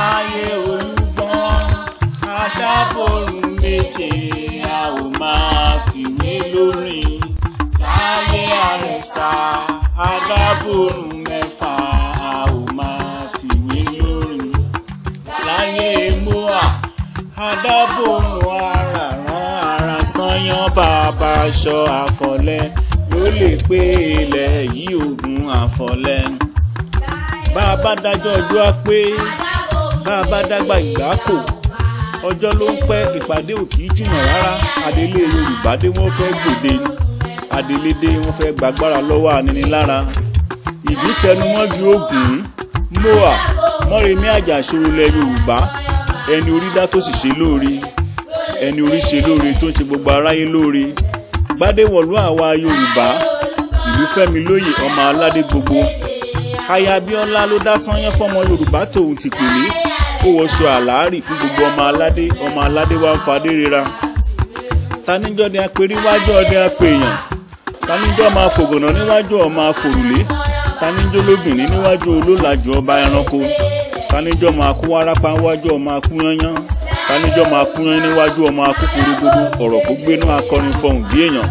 ayé olúgbọ́n aṣàbòrùn méje a ò máa fìwé lórí láyé àrẹ̀sà adábòrùn mẹ́fà a ò máa fìwé lórí láyé moa adábòrùn araran arasanyán bàbá aṣọ àfọ̀lẹ́ ló lè pé ilẹ̀ yìí ogun àfọ̀lẹ́ bàbá dájọ́ ọjọ́ pé bá a bá dágbà ìgbáko ọjọ́ ló ń pẹ́ ìpàdé ò kìí jìnnà rárá adelé yorùbá dé wọ́n fẹ́ gbòde adelé dé wọ́n fẹ́ gbàgbára lọ́wọ́ aninilára ìdí tẹnumọ́gi ogun moa mọ́remí àjàṣoro ilẹ̀ yorùbá ẹni orí dá tó sì ṣe lóore ẹni orí ṣe lóore tó ń ṣe gbogbo aráyé lóore gbádéwọ̀lú àwa yorùbá ìlú fẹ́mi lóyè ọmọ aládé gbogbo aya Abíọ́lá ló dá sányán fọmọ Yorùbá tòun ti pè mí ó wọṣọ àlárì fún gbogbo ọmọ aládé ọmọ aládé wa ń fadé rira taníjọ́ ni apèrí wájú ọdẹ apèèyàn taníjọ́ máa fògànà níwájú ọmọ afòrùlé taníjọ́ lóbìnrin níwájú olólàjù ọba ẹranko taníjọ́ máa kú wárápá níwájú ọmọ akúyányán taníjọ́ máa kúyán níwájú ọmọ akúkúrúgbogbo ọ̀rọ̀ kó gbénú akọrin fọhùn bí èèyàn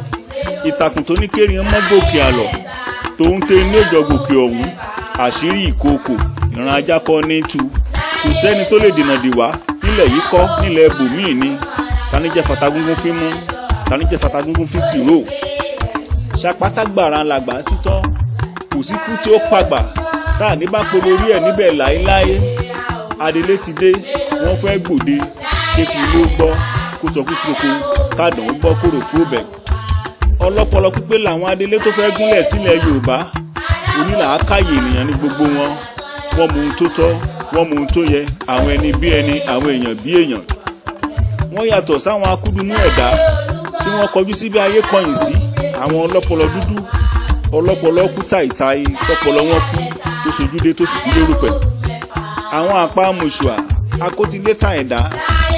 ìtàkùn tó ní kéèyàn mọ́ gòkè àlọ́ tòun tẹ inú ìjọ gòkè ọ̀hún àṣírí ìkookò ìran ajá kọ́ ní tu kò sẹ́ni tó lè dènà dìwà nílẹ̀ yìí kọ́ nílẹ̀ bòmíì ni tanijẹ́ fatagúngún fi mú tanijẹ́ fatagúngún fi tìró ṣàpátá gbàrà làgbà sí tán kò sí kú tí ó pàgbà tá à ní bá polo orí ẹ̀ níbẹ̀ láéláé adelé ti dé wọ́n fẹ́ gbòde kékeré ló gbọ́ kó sọ kú kúròkó kádùn gbọ́ kóró fún ọbẹ̀ ọlọ́pọlọ pípé làwọn adelé tó fẹ́ gúnlẹ̀ sílẹ̀ yorùbá onílàákàyè ènìyàn ní gbogbo wọn wọ́n mú ohun tó tọ́ wọ́n mú ohun tó yẹ àwọn ẹni bí ẹni àwọn èèyàn bí èèyàn wọ́n yàtọ̀ sáwọn akúdùmú ẹ̀dá tí wọ́n kọjú síbi ayé kọ̀yìn sí àwọn ọlọ́pọlọ dúdú ọlọ́pọlọ kú tàìtàì tọpọlọ wọn kú tó sojúdé tó sì kú lórúkẹ àwọn àpá mòṣùà akótilétà ẹ̀dá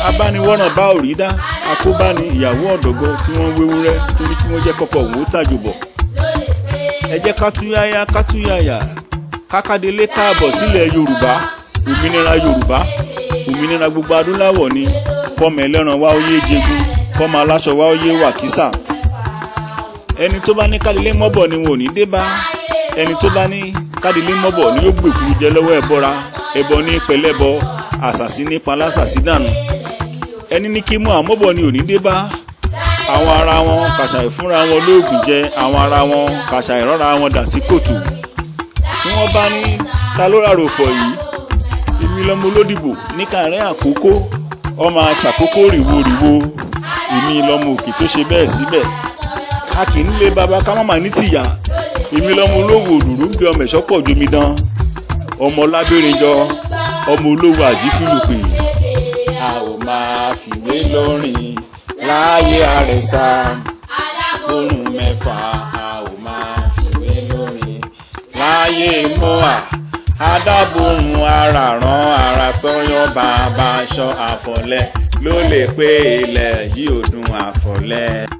abániwọ́ràn bá òrí dá akóbáni ìyàwó ọ̀dọ́gọ tí wọ́n wéwúrẹ́ torí kí wọ́n jẹ́ kọ́kọ́ òun ó tàjò bọ̀ ẹ jẹ́ ká túyáyá ká túyáyá kákádélé káàbọ̀ sílẹ̀ yorùbá òmìnira yorùbá òmìnira gbogbo adúláwọ̀ ni fọmọ ẹlẹ́ran wa ó yé jẹgun fọmọ aláṣọ wa ó yé wàkísà ẹni tó bá ní kádélé mọ́bọ̀ ni wọn ò ní dé bá ẹni tó bá ní kádélé mọ́bọ̀ ni ó gbè fún jẹ lọ́wọ́ ẹ̀bọra ẹbọ ní pẹlẹ́bọ àṣàsí ní palásàsí dànù ẹni ní kí mú àmọ́bọ̀ ni ò ní dé àwọn ara wọn kàṣàì fúnra wọn lóògùn jẹ àwọn ara wọn kàṣàì rọra wọn dà sí kòtò tí wọ́n bá ní ta ló rárò pọ̀ yìí èmi lọ́mọ olódìbò ní kàrẹ́ àkókò ọmọ aṣàkókò rìwo rìwo èmi lọ́mọ òkè tó ṣe bẹ́ẹ̀ síbẹ̀ a kì í nílé baba ká má ní tìyà èmi lọ́mọ olówó òdùrú ń bí ọmọ ẹ̀ṣọ́ pọ̀ jomi ọmọ lábẹ́rin jọ ọmọ olówó àjífìlùpè a láyé àrẹ̀sà alágbóhùn mẹ́fà a ò máa fìwé lórin láyé mọ́à adábòhùn ara rán ara sọ́yọ́ bàbá aṣọ àfọ̀lẹ́ ló lè pé ilẹ̀ yìí ò dùn àfọ̀lẹ́.